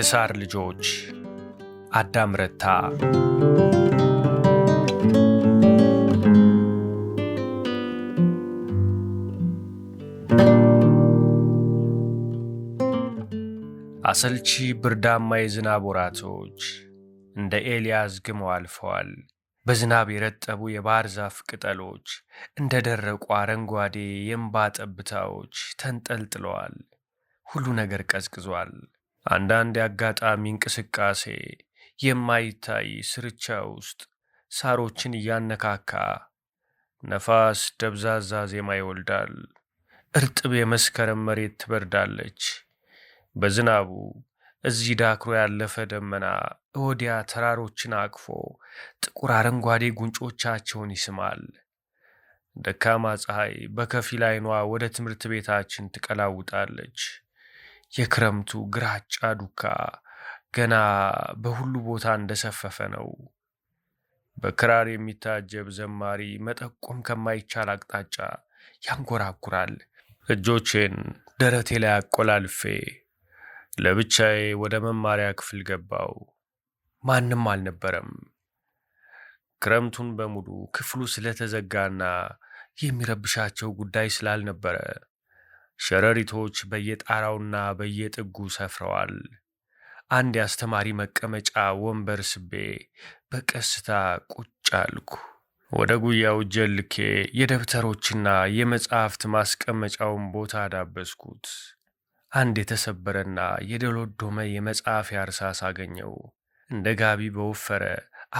የሳር ልጆች አዳም ረታ አሰልቺ ብርዳማ የዝናብ ወራቶች እንደ ኤልያስ ግመው አልፈዋል። በዝናብ የረጠቡ የባህር ዛፍ ቅጠሎች እንደ ደረቁ አረንጓዴ የእምባ ጠብታዎች ተንጠልጥለዋል። ሁሉ ነገር ቀዝቅዟል። አንዳንድ የአጋጣሚ እንቅስቃሴ የማይታይ ስርቻ ውስጥ ሳሮችን እያነካካ ነፋስ ደብዛዛ ዜማ ይወልዳል። እርጥብ የመስከረም መሬት ትበርዳለች። በዝናቡ እዚህ ዳክሮ ያለፈ ደመና ወዲያ ተራሮችን አቅፎ ጥቁር አረንጓዴ ጉንጮቻቸውን ይስማል። ደካማ ፀሐይ በከፊል ዓይኗ ወደ ትምህርት ቤታችን ትቀላውጣለች። የክረምቱ ግራጫ ዱካ ገና በሁሉ ቦታ እንደሰፈፈ ነው። በክራር የሚታጀብ ዘማሪ መጠቆም ከማይቻል አቅጣጫ ያንጎራጉራል። እጆቼን ደረቴ ላይ አቆላልፌ ለብቻዬ ወደ መማሪያ ክፍል ገባው። ማንም አልነበረም። ክረምቱን በሙሉ ክፍሉ ስለተዘጋና የሚረብሻቸው ጉዳይ ስላልነበረ ሸረሪቶች በየጣራውና በየጥጉ ሰፍረዋል። አንድ የአስተማሪ መቀመጫ ወንበር ስቤ በቀስታ ቁጭ አልኩ። ወደ ጉያው ጀልኬ የደብተሮችና የመጻሕፍት ማስቀመጫውን ቦታ ዳበስኩት። አንድ የተሰበረና የደሎዶመ የመጻፊያ እርሳስ አገኘው። እንደ ጋቢ በወፈረ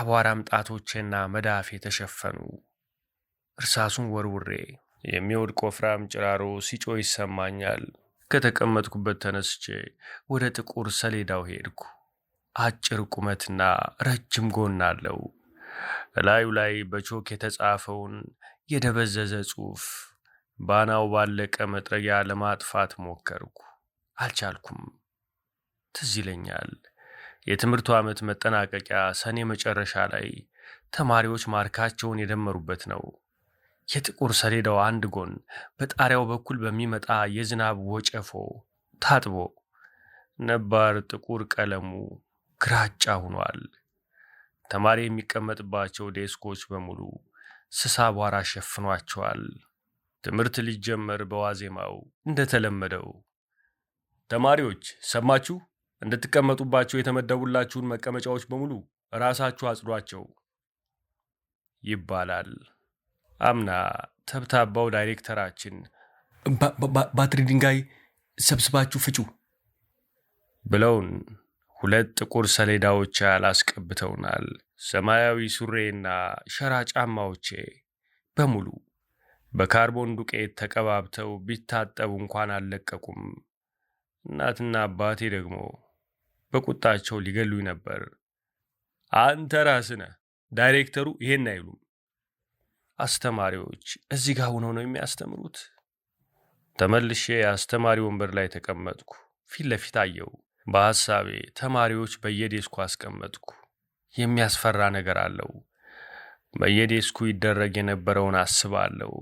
አቧራም ጣቶቼና መዳፌ የተሸፈኑ እርሳሱን ወርውሬ የሚወድቅ ወፍራም ጭራሮ ሲጮ ይሰማኛል። ከተቀመጥኩበት ተነስቼ ወደ ጥቁር ሰሌዳው ሄድኩ። አጭር ቁመትና ረጅም ጎን አለው። እላዩ ላይ በቾክ የተጻፈውን የደበዘዘ ጽሑፍ ባናው ባለቀ መጥረጊያ ለማጥፋት ሞከርኩ። አልቻልኩም። ትዝ ይለኛል የትምህርቱ ዓመት መጠናቀቂያ ሰኔ መጨረሻ ላይ ተማሪዎች ማርካቸውን የደመሩበት ነው። የጥቁር ሰሌዳው አንድ ጎን በጣሪያው በኩል በሚመጣ የዝናብ ወጨፎ ታጥቦ ነባር ጥቁር ቀለሙ ግራጫ ሆኗል። ተማሪ የሚቀመጥባቸው ዴስኮች በሙሉ ስሳ አቧራ ሸፍኗቸዋል። ትምህርት ሊጀመር በዋዜማው እንደተለመደው ተማሪዎች ሰማችሁ፣ እንድትቀመጡባቸው የተመደቡላችሁን መቀመጫዎች በሙሉ ራሳችሁ አጽዷቸው ይባላል። አምና ተብታባው ዳይሬክተራችን ባትሪ ድንጋይ ሰብስባችሁ ፍጩ ብለውን ሁለት ጥቁር ሰሌዳዎች ያላስቀብተውናል። አስቀብተውናል። ሰማያዊ ሱሬና ሸራ ጫማዎቼ በሙሉ በካርቦን ዱቄት ተቀባብተው ቢታጠቡ እንኳን አልለቀቁም። እናትና አባቴ ደግሞ በቁጣቸው ሊገሉኝ ነበር። አንተ ራስነ ዳይሬክተሩ፣ ይሄን አይሉም አስተማሪዎች እዚህ ጋር ሆነው ነው የሚያስተምሩት። ተመልሼ የአስተማሪ ወንበር ላይ ተቀመጥኩ። ፊት ለፊት አየው። በሐሳቤ ተማሪዎች በየዴስኩ አስቀመጥኩ። የሚያስፈራ ነገር አለው። በየዴስኩ ይደረግ የነበረውን አስባለሁ።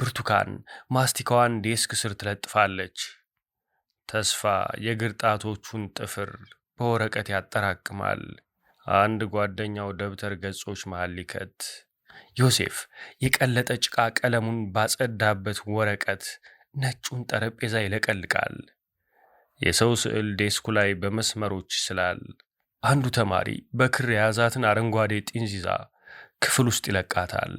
ብርቱካን ማስቲካዋን ዴስክ ስር ትለጥፋለች። ተስፋ የግርጣቶቹን ጣቶቹን ጥፍር በወረቀት ያጠራቅማል። አንድ ጓደኛው ደብተር ገጾች መሃል ሊከት ዮሴፍ የቀለጠ ጭቃ ቀለሙን ባጸዳበት ወረቀት ነጩን ጠረጴዛ ይለቀልቃል። የሰው ስዕል ዴስኩ ላይ በመስመሮች ይስላል። አንዱ ተማሪ በክር የያዛትን አረንጓዴ ጢንዚዛ ክፍል ውስጥ ይለቃታል።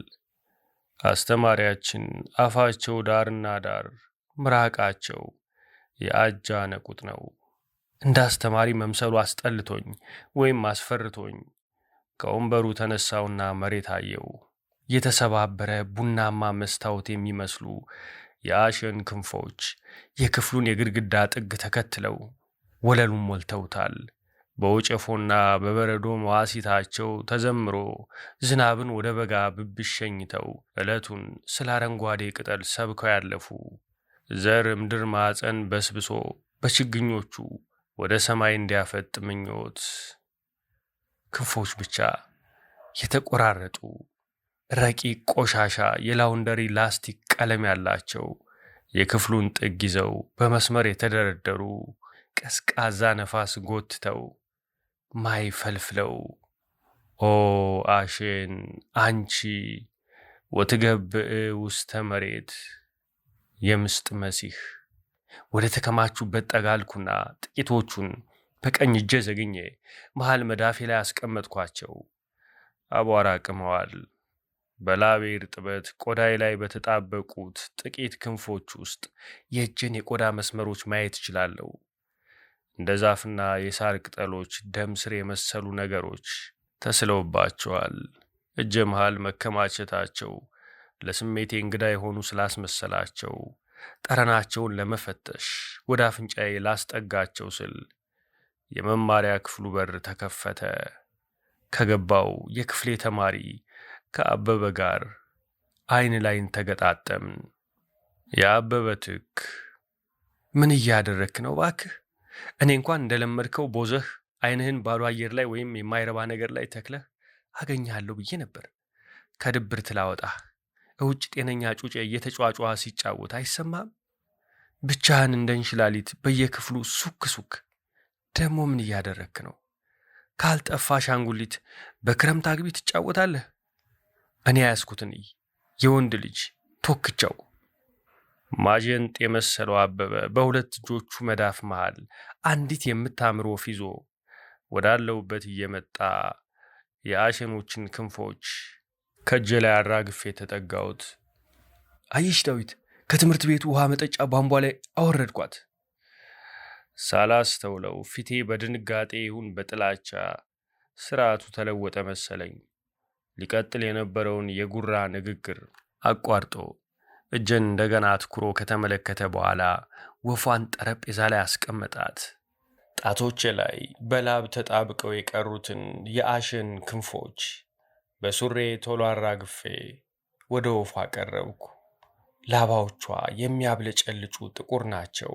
አስተማሪያችን አፋቸው ዳርና ዳር ምራቃቸው የአጃ ነቁጥ ነው። እንደ አስተማሪ መምሰሉ አስጠልቶኝ ወይም አስፈርቶኝ ከወንበሩ ተነሳውና መሬት አየው። የተሰባበረ ቡናማ መስታወት የሚመስሉ የአሸን ክንፎች የክፍሉን የግድግዳ ጥግ ተከትለው ወለሉን ሞልተውታል። በወጨፎና በበረዶ መዋሲታቸው ተዘምሮ ዝናብን ወደ በጋ ብብሽ ሸኝተው ዕለቱን ስለ አረንጓዴ ቅጠል ሰብከው ያለፉ ዘር ምድር ማፀን በስብሶ በችግኞቹ ወደ ሰማይ እንዲያፈጥ ምኞት ክንፎች ብቻ የተቆራረጡ ረቂቅ ቆሻሻ የላውንደሪ ላስቲክ ቀለም ያላቸው የክፍሉን ጥግ ይዘው በመስመር የተደረደሩ ቀዝቃዛ ነፋስ ጎትተው ማይ ፈልፍለው ኦ አሽን አንቺ ወትገብእ ውስተ መሬት የምስጥ መሲህ ወደ ተከማቹበት ጠጋልኩና ጥቂቶቹን በቀኝ እጄ ዘግኜ መሃል መዳፌ ላይ አስቀመጥኳቸው። አቧራ ቅመዋል። በላቤ እርጥበት ቆዳዬ ላይ በተጣበቁት ጥቂት ክንፎች ውስጥ የእጄን የቆዳ መስመሮች ማየት እችላለሁ። እንደ ዛፍና የሳር ቅጠሎች ደም ስር የመሰሉ ነገሮች ተስለውባቸዋል። እጀ መሃል መከማቸታቸው ለስሜቴ እንግዳ የሆኑ ስላስመሰላቸው ጠረናቸውን ለመፈተሽ ወደ አፍንጫዬ ላስጠጋቸው ስል የመማሪያ ክፍሉ በር ተከፈተ። ከገባው የክፍሌ ተማሪ ከአበበ ጋር አይን ላይን ተገጣጠምን። የአበበ ትክ ምን እያደረክ ነው ባክህ? እኔ እንኳን እንደለመድከው ቦዘህ አይንህን ባዶ አየር ላይ ወይም የማይረባ ነገር ላይ ተክለህ አገኘሃለሁ ብዬ ነበር። ከድብር ትላወጣ እውጭ ጤነኛ ጩጬ እየተጫዋጫዋ ሲጫወት አይሰማም? ብቻህን እንደ እንሽላሊት በየክፍሉ ሱክ ሱክ ደግሞ ምን እያደረግክ ነው? ካልጠፋ አሻንጉሊት በክረምት አግቢ ትጫወታለህ። እኔ ያያዝኩትን የወንድ ልጅ ቶክቻው ማጀንጥ የመሰለው አበበ በሁለት እጆቹ መዳፍ መሃል አንዲት የምታምር ወፍ ይዞ ወዳለውበት እየመጣ የአሸኖችን ክንፎች ከእጄ ላይ አራግፌ የተጠጋሁት። አየሽ ዳዊት፣ ከትምህርት ቤቱ ውሃ መጠጫ ቧንቧ ላይ አወረድኳት ሳላስተውለው ፊቴ በድንጋጤ ይሁን በጥላቻ ስርዓቱ ተለወጠ መሰለኝ። ሊቀጥል የነበረውን የጉራ ንግግር አቋርጦ እጀን እንደገና አትኩሮ ከተመለከተ በኋላ ወፏን ጠረጴዛ ላይ አስቀመጣት። ጣቶቼ ላይ በላብ ተጣብቀው የቀሩትን የአሽን ክንፎች በሱሬ ቶሎ አራግፌ ወደ ወፏ ቀረብኩ። ላባዎቿ የሚያብለጨልጩ ጥቁር ናቸው።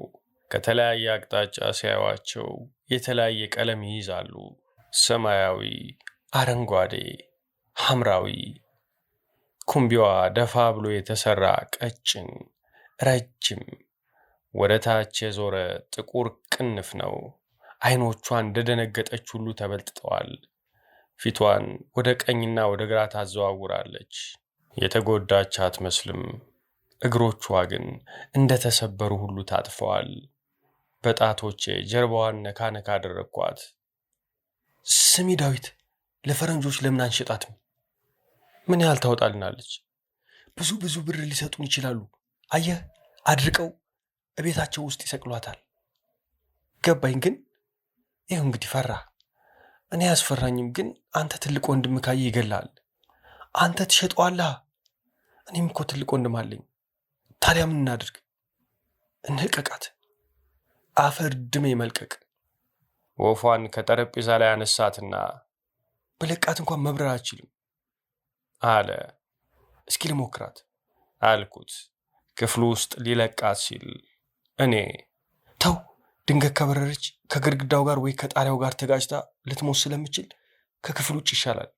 ከተለያየ አቅጣጫ ሲያዩቸው የተለያየ ቀለም ይይዛሉ። ሰማያዊ፣ አረንጓዴ፣ ሐምራዊ። ኩምቢዋ ደፋ ብሎ የተሰራ ቀጭን፣ ረጅም፣ ወደ ታች የዞረ ጥቁር ቅንፍ ነው። አይኖቿ እንደደነገጠች ሁሉ ተበልጥጠዋል። ፊቷን ወደ ቀኝና ወደ ግራ ታዘዋውራለች። የተጎዳች አትመስልም። እግሮቿ ግን እንደተሰበሩ ሁሉ ታጥፈዋል። በጣቶቼ ጀርባዋን ነካ ነካ አደረግኳት። ስሚ ዳዊት፣ ለፈረንጆች ለምን አንሸጣትም? ምን ያህል ታወጣልናለች? ብዙ ብዙ ብር ሊሰጡን ይችላሉ። አየህ፣ አድርቀው እቤታቸው ውስጥ ይሰቅሏታል። ገባኝ። ግን ይሁ እንግዲህ ፈራ። እኔ ያስፈራኝም ግን አንተ ትልቅ ወንድም ካየ ይገላል። አንተ ትሸጠዋለህ። እኔም እኮ ትልቅ ወንድም አለኝ። ታዲያ ምን እናድርግ? እንልቀቃት። አፈር ድሜ መልቀቅ። ወፏን ከጠረጴዛ ላይ አነሳትና በለቃት እንኳን መብረር አችልም አለ። እስኪ ልሞክራት አልኩት ክፍሉ ውስጥ ሊለቃት ሲል እኔ ተው ድንገት ከበረረች ከግድግዳው ጋር ወይ ከጣሪያው ጋር ተጋጭታ ልትሞት ስለምችል ከክፍል ውጭ ይሻላል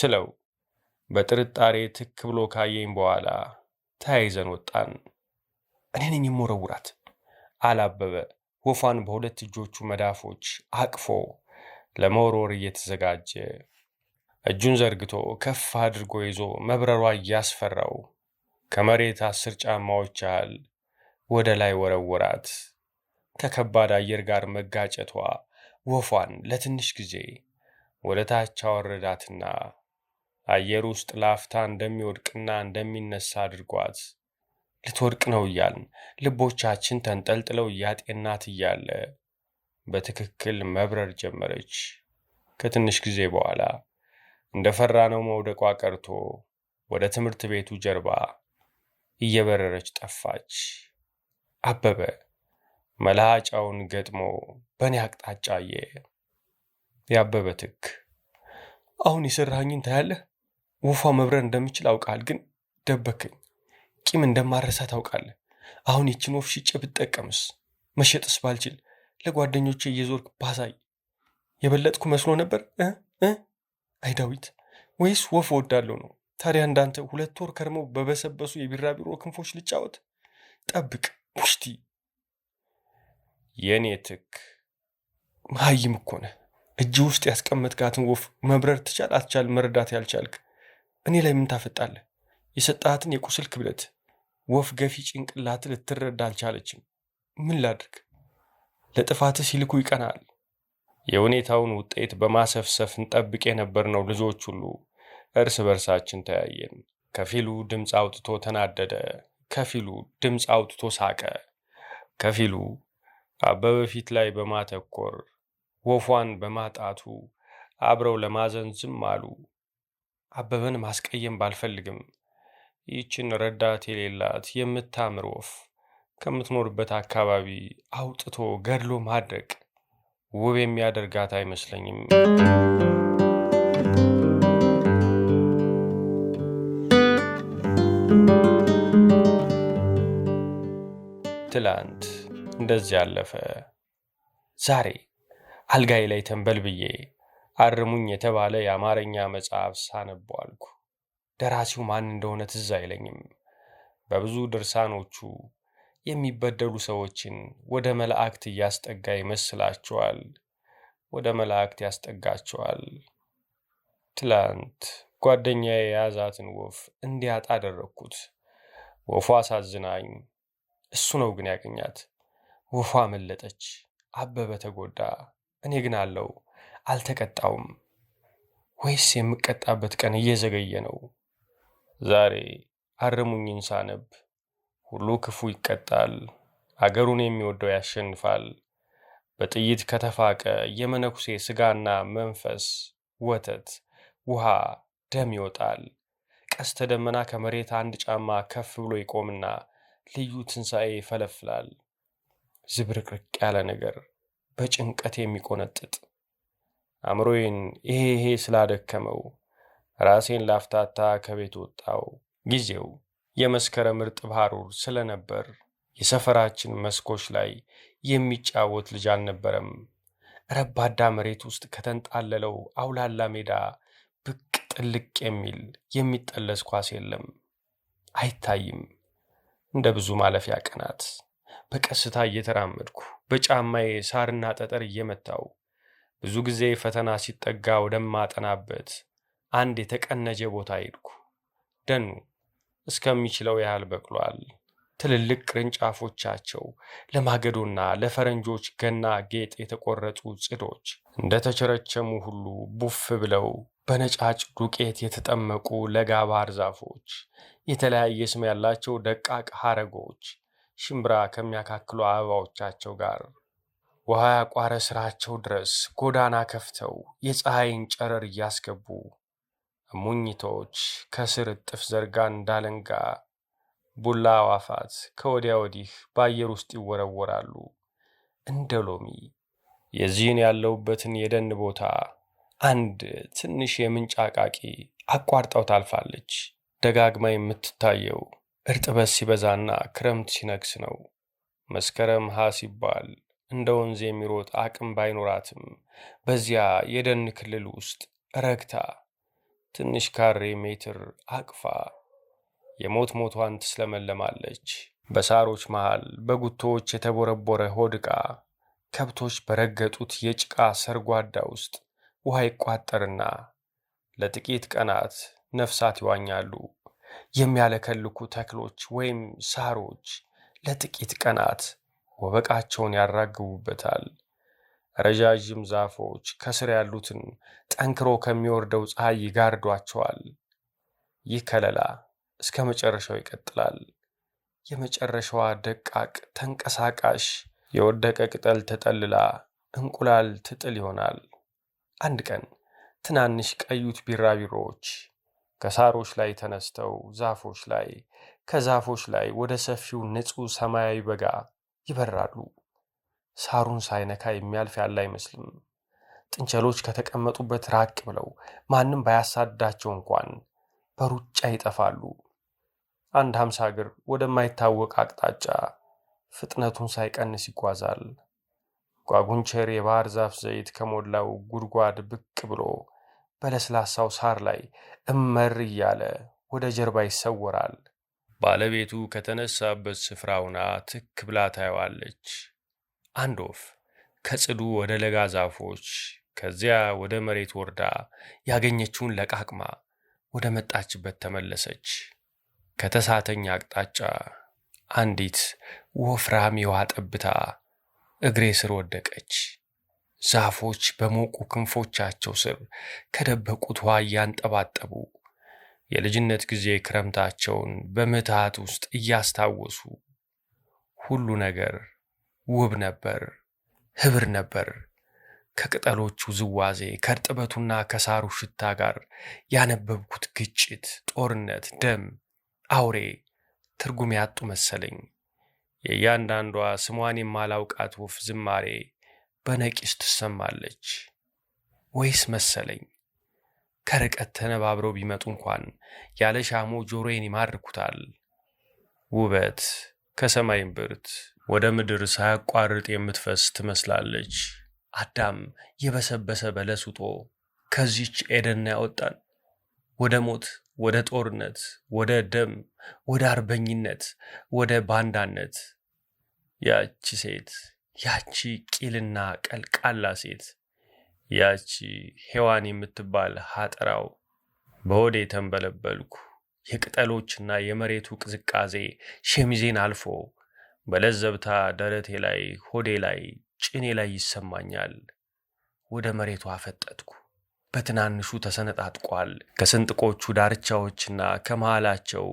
ስለው በጥርጣሬ ትክ ብሎ ካየኝ በኋላ ተያይዘን ወጣን። እኔ ነኝ የምወረውራት አላበበ ወፏን በሁለት እጆቹ መዳፎች አቅፎ ለመወርወር እየተዘጋጀ እጁን ዘርግቶ ከፍ አድርጎ ይዞ መብረሯ እያስፈራው ከመሬት አስር ጫማዎች ያህል ወደ ላይ ወረወራት። ከከባድ አየር ጋር መጋጨቷ ወፏን ለትንሽ ጊዜ ወደ ታች አወረዳትና አየር ውስጥ ላፍታ እንደሚወድቅና እንደሚነሳ አድርጓት ልትወድቅ ነው እያልን ልቦቻችን ተንጠልጥለው እያጤናት እያለ በትክክል መብረር ጀመረች። ከትንሽ ጊዜ በኋላ እንደ መውደቋ ቀርቶ ወደ ትምህርት ቤቱ ጀርባ እየበረረች ጠፋች። አበበ መላጫውን ገጥሞ በእኔ አቅጣጫ አየ። ያበበ ትክ አሁን የሰራኸኝን ታያለህ። ወፏ መብረር እንደምችል አውቃል፣ ግን ደበክኝ ቂም እንደማረሳ ታውቃለህ። አሁን ይችን ወፍ ሽጬ ብጠቀምስ፣ መሸጥስ ባልችል፣ ለጓደኞቼ እየዞርክ ባሳይ የበለጥኩ መስሎ ነበር እ አይ ዳዊት፣ ወይስ ወፍ እወዳለሁ ነው? ታዲያ እንዳንተ ሁለት ወር ከርመው በበሰበሱ የቢራቢሮ ክንፎች ልጫወት? ጠብቅ ውሽቲ፣ የኔ ትክ። መሀይም እኮ ነህ። እጅ ውስጥ ያስቀመጥካትን ወፍ መብረር ትቻል አትቻል መረዳት ያልቻልክ እኔ ላይ ምን ታፈጣለህ? የሰጣሃትን የቁስል ክብደት ወፍ ገፊ ጭንቅላት ልትረዳ አልቻለችም። ምን ላድርግ? ለጥፋት ሲልኩ ይቀናል። የሁኔታውን ውጤት በማሰፍሰፍ እንጠብቅ የነበርነው ልጆች ሁሉ እርስ በርሳችን ተያየን። ከፊሉ ድምፅ አውጥቶ ተናደደ፣ ከፊሉ ድምፅ አውጥቶ ሳቀ፣ ከፊሉ አበበ ፊት ላይ በማተኮር ወፏን በማጣቱ አብረው ለማዘን ዝም አሉ። አበበን ማስቀየም ባልፈልግም ይህችን ረዳት የሌላት የምታምር ወፍ ከምትኖርበት አካባቢ አውጥቶ ገድሎ ማድረቅ ውብ የሚያደርጋት አይመስለኝም። ትላንት እንደዚህ አለፈ። ዛሬ አልጋዬ ላይ ተንበልብዬ አርሙኝ የተባለ የአማርኛ መጽሐፍ ሳነቧልኩ። ደራሲው ማን እንደሆነ ትዝ አይለኝም። በብዙ ድርሳኖቹ የሚበደሉ ሰዎችን ወደ መላእክት እያስጠጋ ይመስላቸዋል። ወደ መላእክት ያስጠጋቸዋል። ትላንት ጓደኛዬ የያዛትን ወፍ እንዲያጣ አደረግኩት። ወፏ አሳዝናኝ፣ እሱ ነው ግን ያገኛት። ወፏ መለጠች፣ አበበ ተጎዳ። እኔ ግን አለው አልተቀጣውም። ወይስ የምቀጣበት ቀን እየዘገየ ነው? ዛሬ አርሙኝን ሳነብ ሁሉ ክፉ ይቀጣል፣ አገሩን የሚወደው ያሸንፋል። በጥይት ከተፋቀ የመነኩሴ ሥጋና መንፈስ ወተት፣ ውሃ፣ ደም ይወጣል። ቀስተ ደመና ከመሬት አንድ ጫማ ከፍ ብሎ ይቆምና ልዩ ትንሣኤ ይፈለፍላል። ዝብርቅርቅ ያለ ነገር በጭንቀት የሚቆነጥጥ አእምሮዬን ይሄ ይሄ ስላደከመው ራሴን ላፍታታ ከቤት ወጣው። ጊዜው የመስከረም እርጥብ ሐሩር ስለነበር የሰፈራችን መስኮች ላይ የሚጫወት ልጅ አልነበረም። ረባዳ መሬት ውስጥ ከተንጣለለው አውላላ ሜዳ ብቅ ጥልቅ የሚል የሚጠለስ ኳስ የለም፣ አይታይም። እንደ ብዙ ማለፊያ ቀናት በቀስታ እየተራመድኩ በጫማዬ ሳርና ጠጠር እየመታው ብዙ ጊዜ ፈተና ሲጠጋ ወደማጠናበት አንድ የተቀነጀ ቦታ ሄድኩ። ደኑ እስከሚችለው ያህል በቅሏል። ትልልቅ ቅርንጫፎቻቸው ለማገዶና ለፈረንጆች ገና ጌጥ የተቆረጡ ጽዶች እንደተቸረቸሙ ሁሉ ቡፍ ብለው በነጫጭ ዱቄት የተጠመቁ ለጋ ባህር ዛፎች፣ የተለያየ ስም ያላቸው ደቃቅ ሐረጎች ሽምብራ ከሚያካክሉ አበባዎቻቸው ጋር ውሃ ያቋረ ስራቸው ድረስ ጎዳና ከፍተው የፀሐይን ጨረር እያስገቡ ሙኝቶች ከስር እጥፍ ዘርጋ እንዳለንጋ ቡላ አዋፋት ከወዲያ ወዲህ በአየር ውስጥ ይወረወራሉ እንደ ሎሚ። የዚህን ያለውበትን የደን ቦታ አንድ ትንሽ የምንጭ አቃቂ አቋርጠው ታልፋለች። ደጋግማ የምትታየው እርጥበት ሲበዛና ክረምት ሲነግስ ነው። መስከረም ሀ ሲባል እንደ ወንዝ የሚሮጥ አቅም ባይኖራትም በዚያ የደን ክልል ውስጥ ረግታ ትንሽ ካሬ ሜትር አቅፋ የሞት ሞቷን ትስለመለማለች። በሳሮች መሃል በጉቶዎች የተቦረቦረ ሆድ ከብቶች በረገጡት የጭቃ ሰርጓዳ ውስጥ ውሃ ይቋጠርና ለጥቂት ቀናት ነፍሳት ይዋኛሉ። የሚያለከልኩ ተክሎች ወይም ሳሮች ለጥቂት ቀናት ወበቃቸውን ያራግቡበታል። ረዣዥም ዛፎች ከስር ያሉትን ጠንክሮ ከሚወርደው ፀሐይ ይጋርዷቸዋል። ይህ ከለላ እስከ መጨረሻው ይቀጥላል። የመጨረሻዋ ደቃቅ ተንቀሳቃሽ የወደቀ ቅጠል ተጠልላ እንቁላል ትጥል ይሆናል። አንድ ቀን ትናንሽ ቀዩት ቢራቢሮዎች ከሳሮች ላይ ተነስተው ዛፎች ላይ ከዛፎች ላይ ወደ ሰፊው ንጹሕ ሰማያዊ በጋ ይበራሉ። ሳሩን ሳይነካ የሚያልፍ ያለ አይመስልም። ጥንቸሎች ከተቀመጡበት ራቅ ብለው ማንም ባያሳዳቸው እንኳን በሩጫ ይጠፋሉ። አንድ ሀምሳ እግር ወደማይታወቅ አቅጣጫ ፍጥነቱን ሳይቀንስ ይጓዛል። ጓጉንቸር የባህር ዛፍ ዘይት ከሞላው ጉድጓድ ብቅ ብሎ በለስላሳው ሳር ላይ እመር እያለ ወደ ጀርባ ይሰወራል። ባለቤቱ ከተነሳበት ስፍራውና ትክ ብላ ታየዋለች። አንድ ወፍ ከጽዱ ወደ ለጋ ዛፎች ከዚያ ወደ መሬት ወርዳ ያገኘችውን ለቃቅማ ወደ መጣችበት ተመለሰች። ከተሳተኝ አቅጣጫ አንዲት ወፍራም የውሃ ጠብታ እግሬ ስር ወደቀች። ዛፎች በሞቁ ክንፎቻቸው ስር ከደበቁት ውሃ እያንጠባጠቡ የልጅነት ጊዜ ክረምታቸውን በምትሃት ውስጥ እያስታወሱ ሁሉ ነገር ውብ ነበር፣ ህብር ነበር። ከቅጠሎቹ ዝዋዜ ከእርጥበቱና ከሳሩ ሽታ ጋር ያነበብኩት ግጭት፣ ጦርነት፣ ደም፣ አውሬ ትርጉም ያጡ መሰለኝ። የእያንዳንዷ ስሟን የማላውቃት ወፍ ዝማሬ በነቂስ ትሰማለች ወይስ መሰለኝ። ከርቀት ተነባብረው ቢመጡ እንኳን ያለ ሻሞ ጆሮዬን ይማርኩታል። ውበት ከሰማይም ብርት ወደ ምድር ሳያቋርጥ የምትፈስ ትመስላለች። አዳም የበሰበሰ በለስ ውጦ ከዚች ኤደን ያወጣን፣ ወደ ሞት፣ ወደ ጦርነት፣ ወደ ደም፣ ወደ አርበኝነት፣ ወደ ባንዳነት። ያቺ ሴት፣ ያቺ ቂልና ቀልቃላ ሴት፣ ያቺ ሔዋን የምትባል ሀጠራው በሆዴ ተንበለበልኩ። የቅጠሎችና የመሬቱ ቅዝቃዜ ሸሚዜን አልፎ በለዘብታ ደረቴ ላይ፣ ሆዴ ላይ፣ ጭኔ ላይ ይሰማኛል። ወደ መሬቱ አፈጠጥኩ። በትናንሹ ተሰነጣጥቋል። ከስንጥቆቹ ዳርቻዎችና ከመሃላቸው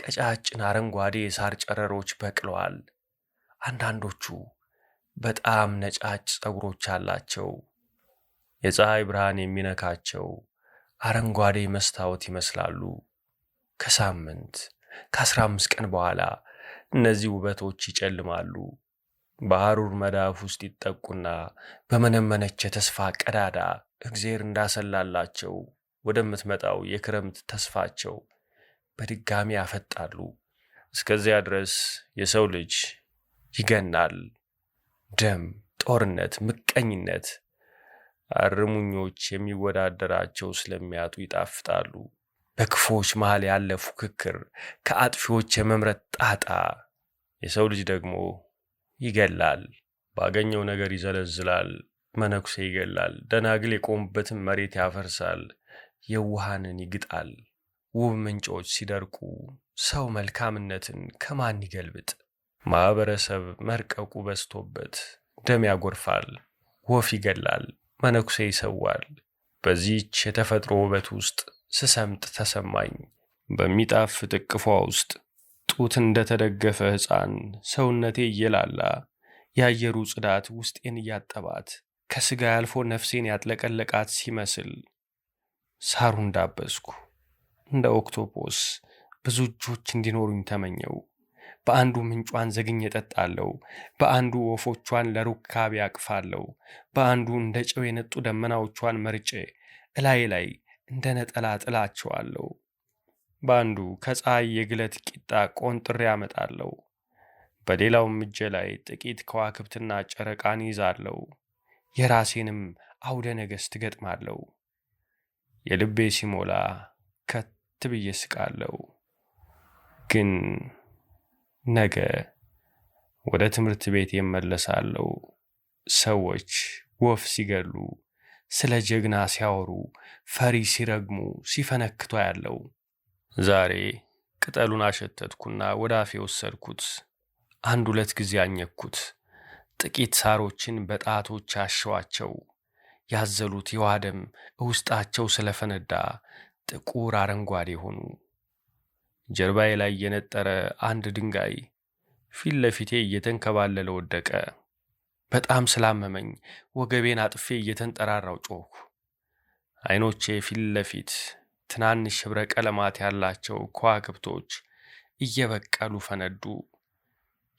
ቀጫጭን አረንጓዴ የሳር ጨረሮች በቅለዋል። አንዳንዶቹ በጣም ነጫጭ ጸጉሮች አላቸው። የፀሐይ ብርሃን የሚነካቸው አረንጓዴ መስታወት ይመስላሉ። ከሳምንት ከአስራ አምስት ቀን በኋላ እነዚህ ውበቶች ይጨልማሉ፣ በሐሩር መዳፍ ውስጥ ይጠቁና በመነመነች የተስፋ ቀዳዳ እግዜር እንዳሰላላቸው ወደምትመጣው የክረምት ተስፋቸው በድጋሚ ያፈጣሉ። እስከዚያ ድረስ የሰው ልጅ ይገናል። ደም፣ ጦርነት፣ ምቀኝነት አርሙኞች የሚወዳደራቸው ስለሚያጡ ይጣፍጣሉ። በክፎች መሃል ያለ ፉክክር፣ ከአጥፊዎች የመምረጥ ጣጣ። የሰው ልጅ ደግሞ ይገላል፣ ባገኘው ነገር ይዘለዝላል። መነኩሴ ይገላል፣ ደናግል የቆሙበትን መሬት ያፈርሳል፣ የውሃንን ይግጣል። ውብ ምንጮች ሲደርቁ ሰው መልካምነትን ከማን ይገልብጥ? ማኅበረሰብ መርቀቁ በዝቶበት ደም ያጎርፋል፣ ወፍ ይገላል፣ መነኩሴ ይሰዋል። በዚህች የተፈጥሮ ውበት ውስጥ ስሰምጥ ተሰማኝ። በሚጣፍጥ እቅፏ ውስጥ ጡት እንደተደገፈ ሕፃን ሰውነቴ እየላላ የአየሩ ጽዳት ውስጤን እያጠባት ከሥጋ ያልፎ ነፍሴን ያጥለቀለቃት ሲመስል ሳሩ እንዳበዝኩ እንደ ኦክቶፖስ ብዙ እጆች እንዲኖሩኝ ተመኘው። በአንዱ ምንጯን ዘግኝ የጠጣለው፣ በአንዱ ወፎቿን ለሩካቤ አቅፋለው፣ በአንዱ እንደ ጨው የነጡ ደመናዎቿን መርጬ እላይ ላይ እንደ ነጠላ ጥላቸዋለሁ። በአንዱ ከፀሐይ የግለት ቂጣ ቆንጥሬ አመጣለሁ። በሌላውም እጄ ላይ ጥቂት ከዋክብትና ጨረቃን ይዛለሁ። የራሴንም አውደ ነገሥት እገጥማለሁ። የልቤ ሲሞላ ከት ብዬ ስቃለሁ። ግን ነገ ወደ ትምህርት ቤት የመለሳለሁ። ሰዎች ወፍ ሲገሉ ስለ ጀግና ሲያወሩ፣ ፈሪ ሲረግሙ፣ ሲፈነክቷ ያለው ዛሬ ቅጠሉን አሸተትኩና ወደ አፌ ወሰድኩት። አንድ ሁለት ጊዜ አኘኩት። ጥቂት ሳሮችን በጣቶች አሸዋቸው። ያዘሉት የውሃ ደም እውስጣቸው ስለፈነዳ ጥቁር አረንጓዴ ሆኑ። ጀርባዬ ላይ የነጠረ አንድ ድንጋይ ፊት ለፊቴ እየተንከባለለ ወደቀ። በጣም ስላመመኝ ወገቤን አጥፌ እየተንጠራራው ጮኩ። አይኖቼ ፊት ለፊት ትናንሽ ኅብረ ቀለማት ያላቸው ከዋክብቶች እየበቀሉ ፈነዱ።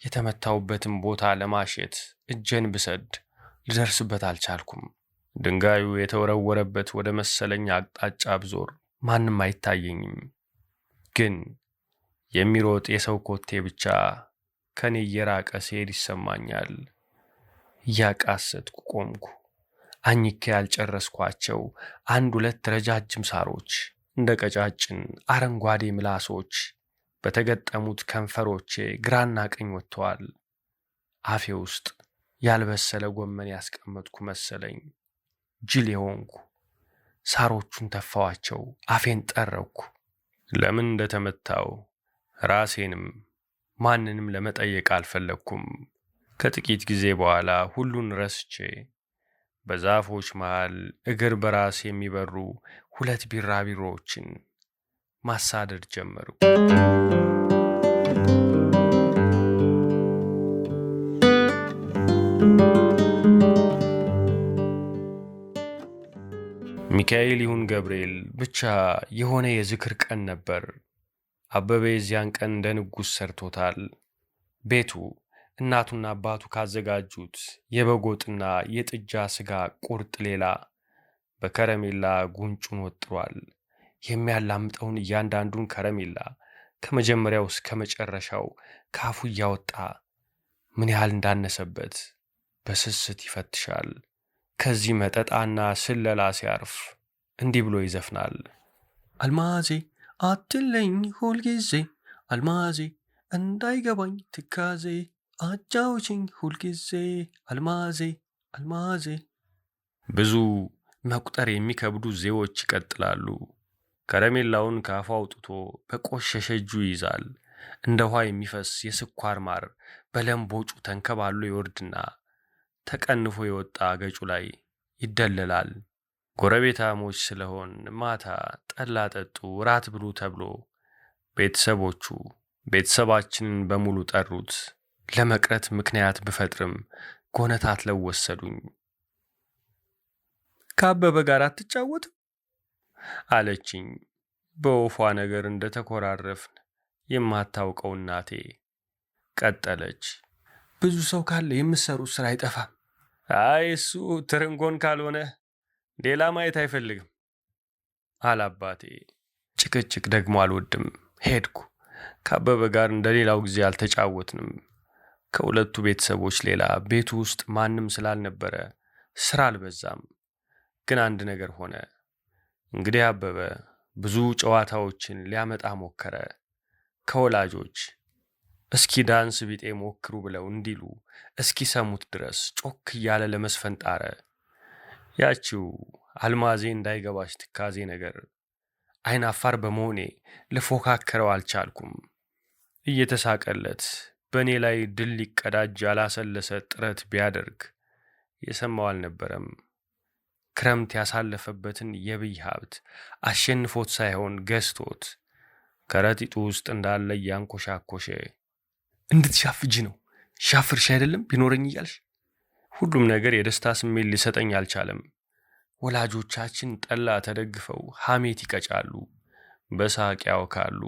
የተመታውበትን ቦታ ለማሸት እጄን ብሰድ ልደርስበት አልቻልኩም። ድንጋዩ የተወረወረበት ወደ መሰለኝ አቅጣጫ ብዞር ማንም አይታየኝም። ግን የሚሮጥ የሰው ኮቴ ብቻ ከኔ እየራቀ ሲሄድ ይሰማኛል። እያቃሰትኩ ቆምኩ። አኝኬ ያልጨረስኳቸው አንድ ሁለት ረጃጅም ሳሮች እንደ ቀጫጭን አረንጓዴ ምላሶች በተገጠሙት ከንፈሮቼ ግራና ቀኝ ወጥተዋል። አፌ ውስጥ ያልበሰለ ጎመን ያስቀመጥኩ መሰለኝ። ጅል የሆንኩ ሳሮቹን ተፋዋቸው፣ አፌን ጠረኩ። ለምን እንደተመታው ራሴንም ማንንም ለመጠየቅ አልፈለግኩም። ከጥቂት ጊዜ በኋላ ሁሉን ረስቼ በዛፎች መሃል እግር በራስ የሚበሩ ሁለት ቢራቢሮዎችን ማሳደድ ጀመሩ። ሚካኤል ይሁን ገብርኤል ብቻ የሆነ የዝክር ቀን ነበር። አበበ የዚያን ቀን እንደ ንጉሥ ሰርቶታል። ቤቱ እናቱና አባቱ ካዘጋጁት የበጎጥና የጥጃ ስጋ ቁርጥ ሌላ በከረሜላ ጉንጩን ወጥሯል። የሚያላምጠውን እያንዳንዱን ከረሜላ ከመጀመሪያው እስከ መጨረሻው ካፉ እያወጣ ምን ያህል እንዳነሰበት በስስት ይፈትሻል። ከዚህ መጠጣና ስለላ ሲያርፍ እንዲህ ብሎ ይዘፍናል። አልማዜ አትለኝ ሁልጊዜ አልማዜ እንዳይገባኝ ትካዜ አጫውችኝ ሁልጊዜ አልማዜ አልማዜ ብዙ መቁጠር የሚከብዱ ዜዎች ይቀጥላሉ። ከረሜላውን ከአፉ አውጥቶ በቆሸሸ እጁ ይይዛል። እንደ ውኃ የሚፈስ የስኳር ማር በለምቦጩ ተንከባሎ ይወርድና ተቀንፎ የወጣ አገጩ ላይ ይደለላል። ጎረቤታሞች ስለሆን ማታ ጠላ ጠጡ፣ ራት ብሉ ተብሎ ቤተሰቦቹ ቤተሰባችንን በሙሉ ጠሩት። ለመቅረት ምክንያት ብፈጥርም ጎነታት ለው ወሰዱኝ። ከአበበ ጋር አትጫወትም አለችኝ። በወፏ ነገር እንደተኮራረፍን የማታውቀው እናቴ ቀጠለች። ብዙ ሰው ካለ የምትሰሩት ስራ አይጠፋም። አይ እሱ ትርንጎን ካልሆነ ሌላ ማየት አይፈልግም አላባቴ። ጭቅጭቅ ደግሞ አልወድም። ሄድኩ። ከአበበ ጋር እንደ ሌላው ጊዜ አልተጫወትንም። ከሁለቱ ቤተሰቦች ሌላ ቤቱ ውስጥ ማንም ስላልነበረ ስራ አልበዛም። ግን አንድ ነገር ሆነ። እንግዲህ አበበ ብዙ ጨዋታዎችን ሊያመጣ ሞከረ። ከወላጆች እስኪ ዳንስ ቢጤ ሞክሩ ብለው እንዲሉ እስኪ ሰሙት ድረስ ጮክ እያለ ለመስፈን ጣረ። ያችው አልማዜ እንዳይገባች ትካዜ ነገር አይናፋር በመሆኔ ልፎካከረው አልቻልኩም። እየተሳቀለት በእኔ ላይ ድል ሊቀዳጅ ያላሰለሰ ጥረት ቢያደርግ የሰማው አልነበረም። ክረምት ያሳለፈበትን የብይ ሀብት አሸንፎት ሳይሆን ገዝቶት ከረጢቱ ውስጥ እንዳለ እያንኮሻኮሸ እንድትሻፍጅ ነው ሻፍርሽ አይደለም ቢኖረኝ እያልሽ ሁሉም ነገር የደስታ ስሜት ሊሰጠኝ አልቻለም። ወላጆቻችን ጠላ ተደግፈው ሐሜት ይቀጫሉ፣ በሳቅ ያወካሉ።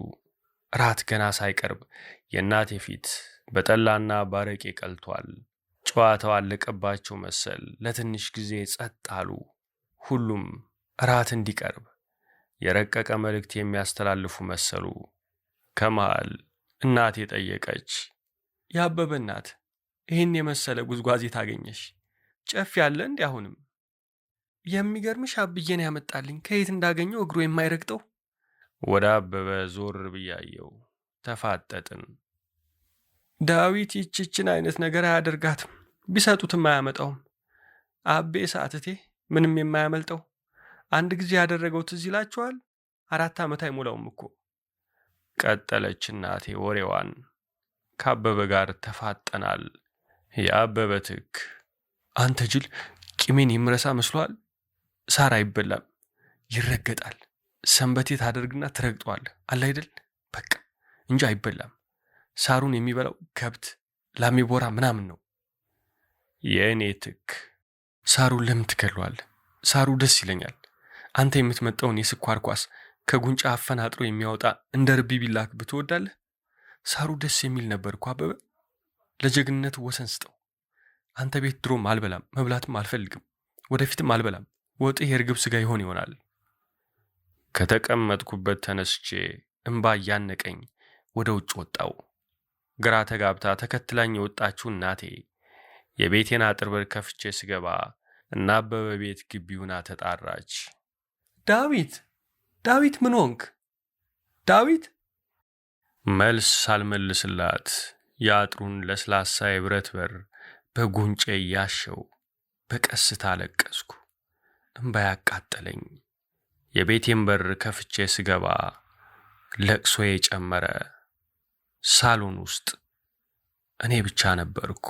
እራት ገና ሳይቀርብ የእናቴ ፊት በጠላና ባረቄ ቀልቷል። ጨዋታው አለቀባቸው መሰል ለትንሽ ጊዜ ጸጥ አሉ። ሁሉም እራት እንዲቀርብ የረቀቀ መልእክት የሚያስተላልፉ መሰሉ። ከመሃል እናቴ ጠየቀች፣ ያበበ እናት ይህን የመሰለ ጉዝጓዜ ታገኘሽ? ጨፍ ያለ እንዲ አሁንም የሚገርምሽ አብዬን ያመጣልኝ ከየት እንዳገኘው እግሩ የማይረግጠው ወደ አበበ ዞር ብያየው ተፋጠጥን። ዳዊት ይችችን አይነት ነገር አያደርጋትም፣ ቢሰጡትም አያመጣውም። አቤ ሰዓትቴ ምንም የማያመልጠው አንድ ጊዜ ያደረገው ትዝ ይላችኋል። አራት ዓመት አይሞላውም እኮ ቀጠለች እናቴ ወሬዋን። ከአበበ ጋር ተፋጠናል። የአበበ ትክ አንተ ጅል ቂሜን የምረሳ መስሏል። ሳር አይበላም፣ ይረገጣል። ሰንበቴ ታደርግና ትረግጧል አለ አይደል በቃ እንጂ አይበላም። ሳሩን የሚበላው ከብት፣ ላሚቦራ ምናምን ነው። የእኔ ትክ ሳሩን ለምን ትገሏል? ሳሩ ደስ ይለኛል። አንተ የምትመጣውን የስኳር ኳስ ከጉንጫ አፈናጥሮ የሚያወጣ እንደ ርቢ ቢላክ ብትወዳለህ? ሳሩ ደስ የሚል ነበር እኮ አበበ። ለጀግንነቱ ወሰን ስጠው። አንተ ቤት ድሮም አልበላም፣ መብላትም አልፈልግም፣ ወደፊትም አልበላም። ወጥህ የርግብ ስጋ ይሆን ይሆናል። ከተቀመጥኩበት ተነስቼ እምባ እያነቀኝ ወደ ውጭ ወጣው። ግራ ተጋብታ ተከትላኝ የወጣችሁ እናቴ የቤቴን አጥር በር ከፍቼ ስገባ እና አበበ ቤት ግቢ ሁና ተጣራች። ዳዊት ዳዊት፣ ምን ሆንክ ዳዊት? መልስ ሳልመልስላት የአጥሩን ለስላሳ የብረት በር በጉንጬ እያሸው በቀስታ አለቀስኩ። እምባ ያቃጠለኝ የቤቴን በር ከፍቼ ስገባ ለቅሶ የጨመረ ሳሎን ውስጥ እኔ ብቻ ነበርኩ።